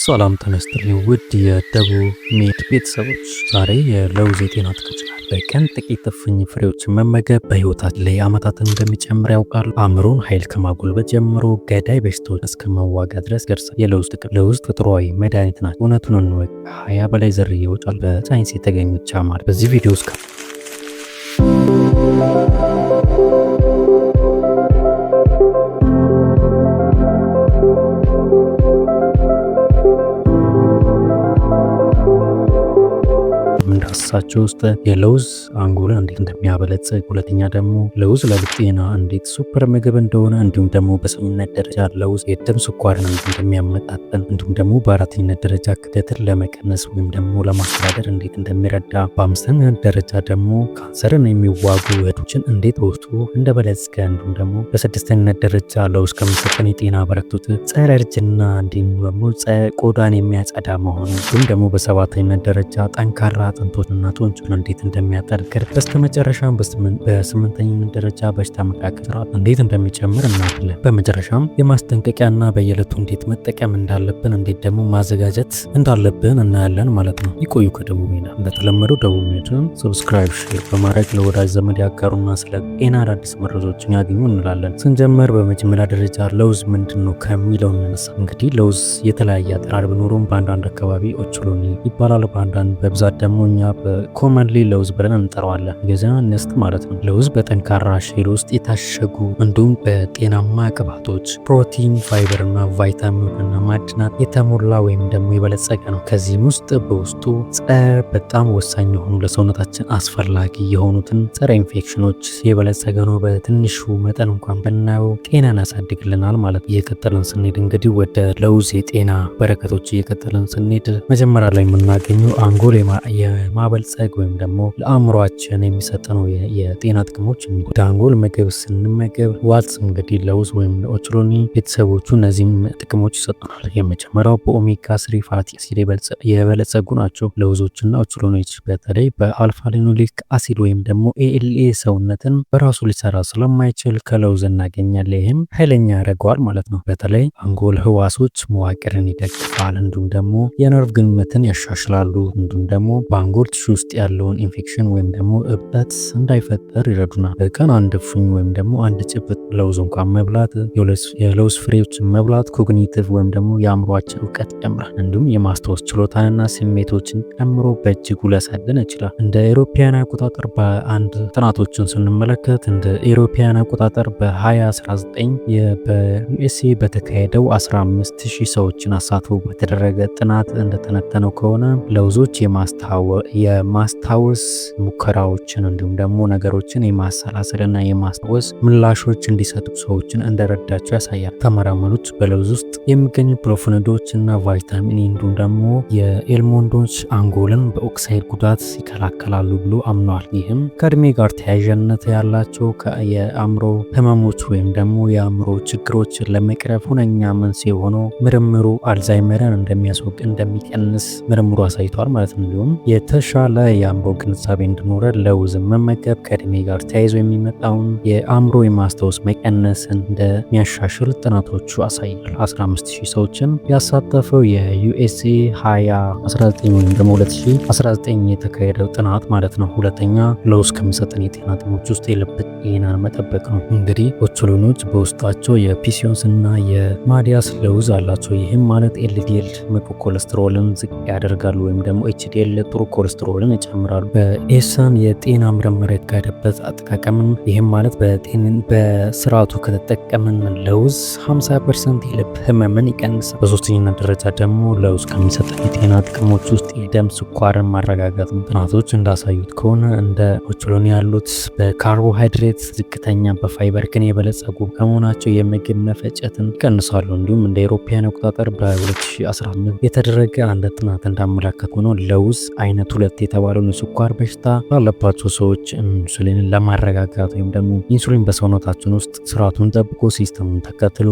ሰላም ተነስጥልኝ ውድ የደቡ ሜድ ቤተሰቦች፣ ዛሬ የለውዝ የጤና ጥቅም በቀን ጥቂት እፍኝ ፍሬዎችን መመገብ በህይወታት ላይ ዓመታትን እንደሚጨምር ያውቃሉ። አእምሮን ኃይል ከማጎልበት ጀምሮ ገዳይ በሽታዎች እስከ መዋጋ ድረስ ገርሳል። የለውዝ ጥቅም ለውዝ ተፈጥሯዊ መድኃኒት ናቸው። እውነቱን እንወቅ፣ ሀያ በላይ ዝርያዎች አሉ። በሳይንስ የተገኙ ማለት በዚህ ቪዲዮ ውስጥ በራሳቸው ውስጥ የለውዝ አንጎልን እንዴት እንደሚያበለጽግ፣ ሁለተኛ ደግሞ ለውዝ ጤና እንዴት ሱፐር ምግብ እንደሆነ እንዲሁም ደግሞ በስምነት ደረጃ ለውዝ የደም ስኳርን እንዴት እንደሚያመጣጠን እንዲሁም ደግሞ በአራተኝነት ደረጃ ክብደትን ለመቀነስ ወይም ደግሞ ለማስተዳደር እንዴት እንደሚረዳ፣ በአምስተኛ ደረጃ ደግሞ ካንሰርን የሚዋጉ እህቶችን እንዴት በውስጡ እንደበለጸገ እንዲሁም ደግሞ በስድስተኝነት ደረጃ ለውዝ ከሚሰጠን የጤና በረክቶት ጸረ እርጅና እንዲሁም ደግሞ ቆዳን የሚያጸዳ መሆኑ እንዲሁም ደግሞ በሰባተኝነት ደረጃ ጠንካራ አጥንቶች እና ጡንቹን እንዴት እንደሚያጠነክር በስተ መጨረሻም በስምንተኝነት ደረጃ በሽታ መቃቀል ስርዓት እንዴት እንደሚጨምር እናያለን። በመጨረሻም የማስጠንቀቂያና በየዕለቱ እንዴት መጠቀም እንዳለብን እንዴት ደግሞ ማዘጋጀት እንዳለብን እናያለን ማለት ነው። ይቆዩ ከደቡብ ሜዳ። እንደተለመደው ደቡብ ሜዳን ሰብስክራይብ፣ ሼር በማድረግ ለወዳጅ ዘመድ ያጋሩና ስለ ጤና አዳዲስ መረጃዎችን ያገኙ እንላለን። ስንጀምር በመጀመሪያ ደረጃ ለውዝ ምንድን ነው ከሚለው እንነሳ። እንግዲህ ለውዝ የተለያየ አጠራር ቢኖረውም በአንዳንድ አካባቢ ኦቾሎኒ ይባላል፣ በአንዳንድ በብዛት ደግሞ እኛ ኮመንሊ ለውዝ ብለን እንጠራዋለን። ገዛ ነስት ማለት ነው። ለውዝ በጠንካራ ሼል ውስጥ የታሸጉ እንዲሁም በጤናማ ቅባቶች፣ ፕሮቲን፣ ፋይበርና እና ማድናት የተሞላ ወይም ደግሞ የበለጸገ ነው። ከዚህም ውስጥ በውስጡ ጸር በጣም ወሳኝ የሆኑ ለሰውነታችን አስፈላጊ የሆኑትን ጸረ ኢንፌክሽኖች የበለጸገ ነው። በትንሹ መጠን እንኳን ብናየው ጤናን ያሳድግልናል ማለት ነው። እየቀጠልን ስንሄድ እንግዲህ ወደ ለውዝ የጤና በረከቶች እየቀጠልን ስንሄድ መጀመሪያ ላይ የምናገኘው አንጎል የማበል ለመበልጸግ ወይም ደግሞ ለአእምሯችን የሚሰጠኑ የጤና ጥቅሞች ዳንጎል ምግብ ስንመገብ፣ ዋልስ እንግዲህ ለውዝ ወይም ኦቾሎኒ ቤተሰቦቹ እነዚህም ጥቅሞች ይሰጡናል። የመጀመሪያው በኦሜጋ ስሪ ፋቲ አሲድ የበለጸጉ ናቸው። ለውዞችና ኦቾሎኒዎች በተለይ በአልፋሊኖሊክ አሲድ ወይም ደግሞ ኤኤልኤ ሰውነትን በራሱ ሊሰራ ስለማይችል ከለውዝ እናገኛለን። ይህም ኃይለኛ ያደርገዋል ማለት ነው። በተለይ አንጎል ህዋሶች መዋቅርን ይደግፋል፣ እንዲሁም ደግሞ የነርቭ ግንኙነትን ያሻሽላሉ፣ እንዲሁም ደግሞ በአንጎል ትሹ ውስጥ ያለውን ኢንፌክሽን ወይም ደግሞ እብጠት እንዳይፈጠር ይረዱናል። በቀን አንድ ፉኝ ወይም ደግሞ አንድ ጭብጥ ለውዝ እንኳን መብላት፣ የለውዝ ፍሬዎችን መብላት ኮግኒቲቭ ወይም ደግሞ የአእምሯችን እውቀት ይጨምራል። እንዲሁም የማስታወስ ችሎታንና ስሜቶችን ጨምሮ በእጅጉ ሊያሳድን ይችላል። እንደ ኤሮፓያን አቆጣጠር በአንድ ጥናቶችን ስንመለከት እንደ ኤሮፓያን አቆጣጠር በ2019 በዩኤስኤ በተካሄደው 15000 ሰዎችን አሳትፎ በተደረገ ጥናት እንደተነተነው ከሆነ ለውዞች የማስታወ የማስታወስ ሙከራዎችን እንዲሁም ደግሞ ነገሮችን የማሰላሰልና የማስታወስ ምላሾች እንዲሰጡ ሰዎችን እንደረዳቸው ያሳያል። ተመራመሮች በለውዝ ውስጥ የሚገኙ ፕሮፍነዶች እና ቫይታሚን እንዲሁም ደግሞ የኤልሞንዶች አንጎልን በኦክሳይድ ጉዳት ይከላከላሉ ብሎ አምነዋል። ይህም ከእድሜ ጋር ተያያዥነት ያላቸው የአእምሮ ህመሞች ወይም ደግሞ የአእምሮ ችግሮችን ለመቅረፍ ሁነኛ መንስኤ ሆኖ ምርምሩ አልዛይመርን እንደሚያስወግድ እንደሚቀንስ ምርምሩ አሳይቷል ማለት ነው። እንዲሁም የተሻ የአምሮ ግንዛቤ እንዲኖረን ለውዝ መመገብ ከእድሜ ጋር ተያይዞ የሚመጣውን የአእምሮ የማስታወስ መቀነስን እንደሚያሻሽል ጥናቶቹ አሳይቷል። 15000 ሰዎችን ያሳተፈው የዩኤስኤ 2019 ወይም ደግሞ 2019 የተካሄደው ጥናት ማለት ነው። ሁለተኛ ለውዝ ከሚሰጠን የጤና ጥሞች ውስጥ የልብ ጤናን መጠበቅ ነው። እንግዲህ ኦቾሎኖች በውስጣቸው የፒሲዮንስ እና የማዲያስ ለውዝ አላቸው። ይህም ማለት ኤልዲኤል መጥፎ ኮለስትሮልን ዝቅ ያደርጋሉ ወይም ደግሞ ኤችዲኤል ጥሩ ኮለስትሮል ኮሌስትሮልን ይጨምራሉ። በኤሳን የጤና ምርምር የተካሄደበት አጠቃቀምም ይህም ማለት በስርዓቱ ከተጠቀምን ለውዝ 50 ፐርሰንት የልብ ህመምን ይቀንሳል። በሶስተኛ ደረጃ ደግሞ ለውዝ ከሚሰጠን የጤና ጥቅሞች ውስጥ የደም ስኳርን ማረጋጋት ጥናቶች እንዳሳዩት ከሆነ እንደ ኦቾሎኒ ያሉት በካርቦሃይድሬት ዝቅተኛ በፋይበር ግን የበለጸጉ ከመሆናቸው የምግብ መፈጨትን ይቀንሳሉ። እንዲሁም እንደ ኤሮፓያን አቆጣጠር በ2015 የተደረገ አንድ ጥናት እንዳመላከት ሆኖ ለውዝ አይነት ሁለት የተባለውን ስኳር በሽታ ላለባቸው ሰዎች ኢንሱሊንን ለማረጋጋት ወይም ደግሞ ኢንሱሊን በሰውነታችን ውስጥ ስርዓቱን ጠብቆ ሲስተሙን ተከትሎ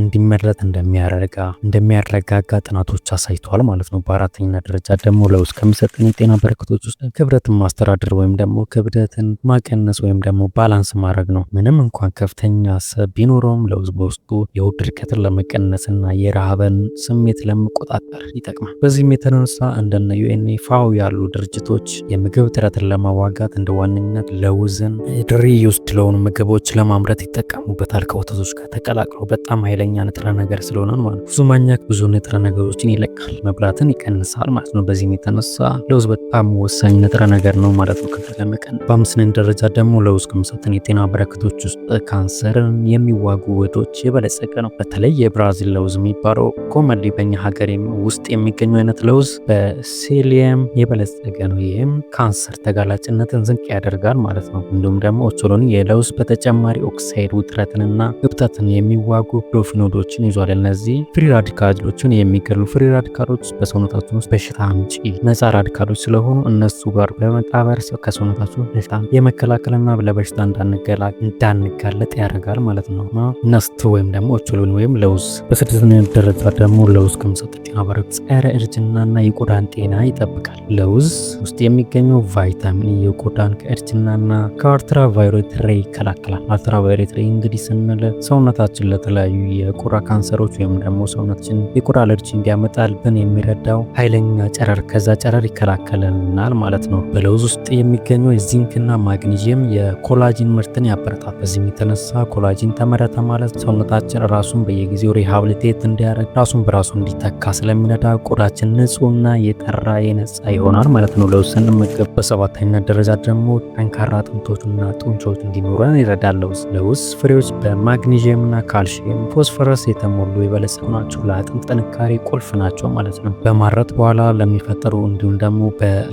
እንዲመረት እንደሚያረጋ እንደሚያረጋጋ ጥናቶች አሳይተዋል ማለት ነው። በአራተኛ ደረጃ ደግሞ ለውዝ ከሚሰጠን የጤና በረከቶች ውስጥ ክብደትን ማስተዳደር ወይም ደግሞ ክብደትን ማቀነስ ወይም ደግሞ ባላንስ ማድረግ ነው። ምንም እንኳን ከፍተኛ ሰብ ቢኖረውም ለውዝ በውስጡ የውድ ድርቀትን ለመቀነስና የረሃብን ስሜት ለመቆጣጠር ይጠቅማል። በዚህም የተነሳ እንደነ ዩኤንኤ ያሉ ድርጅቶች የምግብ እጥረትን ለማዋጋት እንደ ዋነኝነት ለውዝን ድሪ ዩስድ ለሆኑ ምግቦች ለማምረት ይጠቀሙበታል። ከወተቶች ጋር ተቀላቅለው በጣም ኃይለኛ ንጥረ ነገር ስለሆነ ማለት ብዙ ማኛክ ብዙ ንጥረ ነገሮችን ይለቃል፣ መብላትን ይቀንሳል ማለት ነው። በዚህም የተነሳ ለውዝ በጣም ወሳኝ ንጥረ ነገር ነው ማለት ነው። ክብደት ለመቀነስ በአምስነኛ ደረጃ ደግሞ ለውዝ ከሚሰጠን የጤና በረከቶች ውስጥ ካንሰርን የሚዋጉ ውህዶች የበለጸገ ነው። በተለይ የብራዚል ለውዝ የሚባለው ኮመንሊ በኛ ሀገር ውስጥ የሚገኙ አይነት ለውዝ በሴሊየም የበለጸገ እያደረገ ነው። ይህም ካንሰር ተጋላጭነትን ዝቅ ያደርጋል ማለት ነው። እንዲሁም ደግሞ ኦቾሎኒ የለውዝ በተጨማሪ ኦክሳይድ ውጥረትንና እብጠትን የሚዋጉ ፍሎቮኖይዶችን ይዟል። እነዚህ ፍሪ ራዲካሎችን የሚገሉ ፍሪ ራዲካሎች በሰውነታችን ውስጥ በሽታ አምጪ ነፃ ራዲካሎች ስለሆኑ እነሱ ጋር በመጣበር ከሰውነታችን በሽታ የመከላከልና ለበሽታ እንዳንጋለጥ ያደርጋል ማለት ነው። ነስት ወይም ደግሞ ኦቾሎኒ ወይም ለውዝ በስድስተኛ ደረጃ ደግሞ ለውዝ ከምሰጡ ጤና በረከት ጸረ እርጅናና የቆዳን ጤና ይጠብቃል። ለውዝ ውስጥ የሚገኘው ቫይታሚን የቆዳን ከእርጅናና ከአልትራቫዮሌት ሬይ ይከላከላል። አልትራቫዮሌት ሬይ እንግዲህ ስንል ሰውነታችን ለተለያዩ የቆዳ ካንሰሮች ወይም ደግሞ ሰውነታችን የቆዳ አለርጂ እንዲያመጣልብን የሚረዳው ኃይለኛ ጨረር፣ ከዛ ጨረር ይከላከልናል ማለት ነው። በለውዝ ውስጥ የሚገኘው የዚንክና ማግኒዥየም የኮላጂን ምርትን ያበረታል። በዚህም የተነሳ ኮላጂን ተመረተ ማለት ሰውነታችን ራሱን በየጊዜው ሪሃብሊቴት እንዲያደርግ ራሱን በራሱ እንዲተካ ስለሚረዳ ቆዳችን ንጹህና የጠራ የነጻ ይሆናል ማለት ነው። ማለት ነው ለውስን ስንመገብ። በሰባተኛ ደረጃ ደግሞ ጠንካራ አጥንቶችና ጡንቻዎች እንዲኖረን ይረዳል። ለውስ ለውስ ፍሬዎች በማግኒዥየምና ካልሽየም፣ ፎስፈረስ የተሞሉ የበለጸጉ ናቸው። ለአጥንት ጥንካሬ ቁልፍ ናቸው ማለት ነው። በማረት በኋላ ለሚፈጠሩ እንዲሁም ደግሞ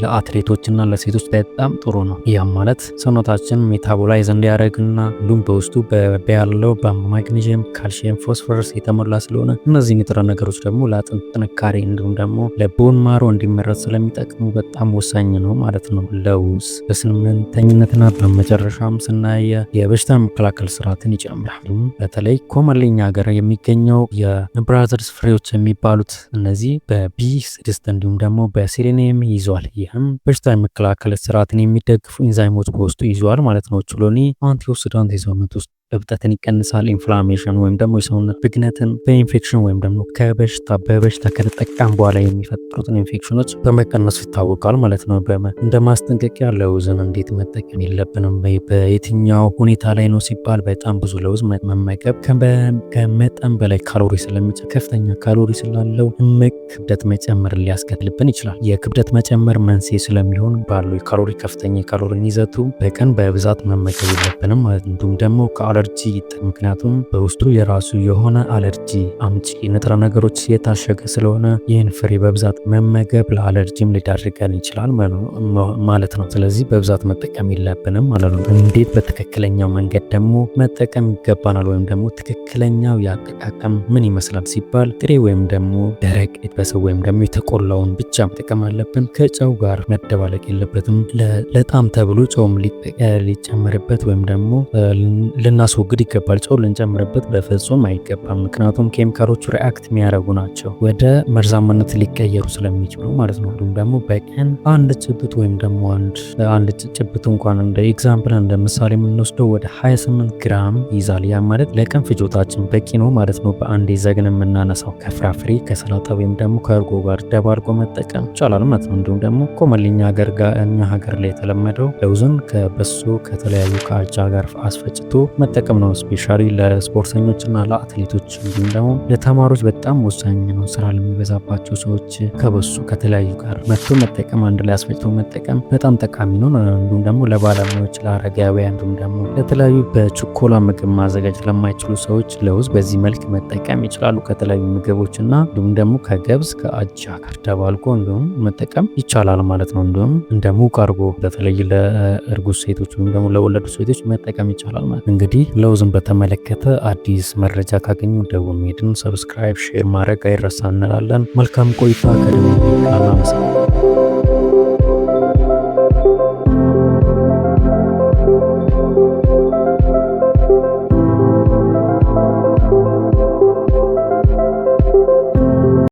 ለአትሌቶችና ለሴቶች በጣም ጥሩ ነው። ያም ማለት ሰውነታችን ሜታቦላይዝ እንዲያደርግና እንዲሁም በውስጡ ያለው በማግኒዥየም፣ ካልሽየም፣ ፎስፈረስ የተሞላ ስለሆነ እነዚህ ንጥረ ነገሮች ደግሞ ለአጥንት ጥንካሬ እንዲሁም ደግሞ ለቦን ማሮ እንዲመረት ስለሚጠቅሙ በጣም በጣም ወሳኝ ነው ማለት ነው። ለውዝ በስምንተኝነትና በመጨረሻም ስናየ የበሽታ መከላከል ስርዓትን ይጨምራል። በተለይ ኮመሌኛ ሀገር የሚገኘው የብራዘርስ ፍሬዎች የሚባሉት እነዚህ በቢ ስድስት እንዲሁም ደግሞ በሴሌኒየም ይዟል። ይህም በሽታ የመከላከል ስርዓትን የሚደግፉ ኢንዛይሞች በውስጡ ይዟል ማለት ነው። ችሎኒ አንቲ ኦክሲዳንት ይዘውነት ውስጥ እብጠትን ይቀንሳል። ኢንፍላሜሽን ወይም ደግሞ የሰውነት ብግነትን በኢንፌክሽን ወይም ደግሞ ከበሽታ በበሽታ ከተጠቃም በኋላ የሚፈጥሩትን ኢንፌክሽኖች በመቀነሱ ይታወቃል ማለት ነው። እንደ ማስጠንቀቂያ ለውዝን እንዴት መጠቀም የለብንም፣ በየትኛው ሁኔታ ላይ ነው ሲባል በጣም ብዙ ለውዝ መመገብ ከመጠን በላይ ካሎሪ ስለሚጨ ከፍተኛ ካሎሪ ስላለው እምቅ ክብደት መጨመር ሊያስከትልብን ይችላል። የክብደት መጨመር መንስኤ ስለሚሆን ባሉ የካሎሪ ከፍተኛ የካሎሪን ይዘቱ በቀን በብዛት መመገብ የለብንም እንዲሁም ደግሞ አለርጂ ምክንያቱም በውስጡ የራሱ የሆነ አለርጂ አምጪ ንጥረ ነገሮች የታሸገ ስለሆነ ይህን ፍሬ በብዛት መመገብ ለአለርጂም ሊዳርገን ይችላል ማለት ነው። ስለዚህ በብዛት መጠቀም የለብንም ማለት ነው። እንዴት በትክክለኛው መንገድ ደግሞ መጠቀም ይገባናል? ወይም ደግሞ ትክክለኛው የአጠቃቀም ምን ይመስላል ሲባል ጥሬ ወይም ደግሞ ደረቅ የተበሰው ወይም ደግሞ የተቆላውን ብቻ መጠቀም አለብን። ከጨው ጋር መደባለቅ የለበትም። ለጣም ተብሎ ጨውም ሊጨመርበት ወይም ደግሞ ልና ልናስወግድ ይገባል። ጨው ልንጨምርበት በፍጹም አይገባም። ምክንያቱም ኬሚካሎቹ ሪአክት የሚያደርጉ ናቸው፣ ወደ መርዛማነት ሊቀየሩ ስለሚችሉ ማለት ነው። ሁሉም ደግሞ በቀን አንድ ጭብጥ ወይም ደግሞ አንድ ጭብጥ እንኳን እንደ ኤግዛምፕል እንደ ምሳሌ የምንወስደው ወደ 28 ግራም ይዛል። ያ ማለት ለቀን ፍጆታችን በቂ ነው ማለት ነው። በአንድ ዘግን የምናነሳው ከፍራፍሬ ከሰላጣ ወይም ደግሞ ከእርጎ ጋር ደባርቆ መጠቀም ይቻላል ማለት ነው። እንዲሁም ደግሞ ኮመልኛ ሀገር ጋር እኛ ሀገር ላይ የተለመደው ለውዝን ከበሶ ከተለያዩ ከአጃ ጋር አስፈጭቶ መጠቀም የሚጠቅም ነው። ስፔሻሊ ለስፖርተኞችና ለአትሌቶች እንዲሁም ደግሞ ለተማሪዎች በጣም ወሳኝ ነው። ስራ ለሚበዛባቸው ሰዎች ከበሱ ከተለያዩ ጋር መጥቶ መጠቀም አንድ ላይ አስፈጭቶ መጠቀም በጣም ጠቃሚ ነው። እንዲሁም ደግሞ ለባለሙያዎች፣ ለአረጋውያን እንዲሁም ደግሞ ለተለያዩ በችኮላ ምግብ ማዘጋጀት ለማይችሉ ሰዎች ለውዝ በዚህ መልክ መጠቀም ይችላሉ። ከተለያዩ ምግቦች እና እንዲሁም ደግሞ ከገብስ ከአጃ ከደባልቆ እንዲሁም መጠቀም ይቻላል ማለት ነው። እንዲሁም እንደ ሙቅ አድርጎ በተለይ ለእርጉዝ ሴቶች ወይም ደግሞ ለወለዱ ሴቶች መጠቀም ይቻላል ማለት እንግዲህ ለውዝን በተመለከተ አዲስ መረጃ ካገኙ ደቡብ ሜድን ሰብስክራይብ፣ ሼር ማድረግ አይረሳ እንላለን። መልካም ቆይታ ከደቡብ ሜድ።